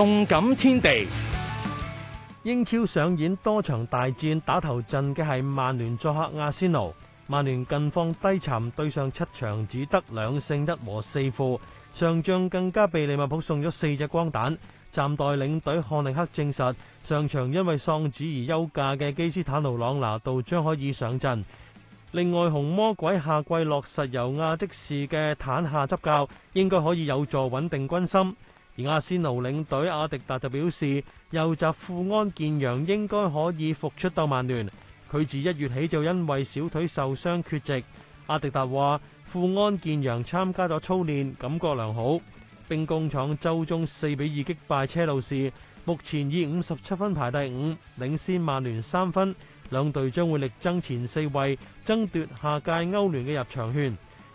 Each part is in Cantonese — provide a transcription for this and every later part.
動感天地，英超上演多場大戰，打頭陣嘅係曼聯作客阿仙奴。曼聯近況低沉，對上七場只得兩勝一和四負，上仗更加被利物浦送咗四隻光蛋。暫代領隊漢歷克證實，上場因為喪子而休假嘅基斯坦奴朗拿度將可以上陣。另外，紅魔鬼下季落實由亞即士嘅坦下執教，應該可以有助穩定軍心。而阿仙奴領隊阿迪達就表示，右閘富安健洋應該可以復出鬥曼聯。佢自一月起就因為小腿受傷缺席。阿迪達話，富安健洋參加咗操練，感覺良好。兵工廠週中四比二擊敗車路士，目前以五十七分排第五，領先曼聯三分。兩隊將會力爭前四位，爭奪下屆歐聯嘅入場券。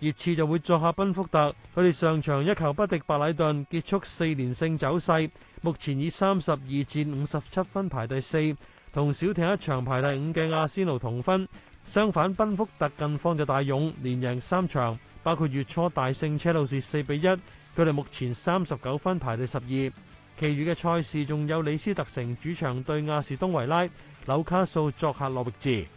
熱刺就會作客賓福特，佢哋上場一球不敵白禮頓，結束四連勝走勢，目前以三十二戰五十七分排第四，同小艇一場排第五嘅阿仙奴同分。相反，賓福特近況就大勇，連贏三場，包括月初大勝車路士四比一，佢哋目前三十九分排第十二。其餘嘅賽事仲有李斯特城主場對亞士東維拉、紐卡素作客諾域治。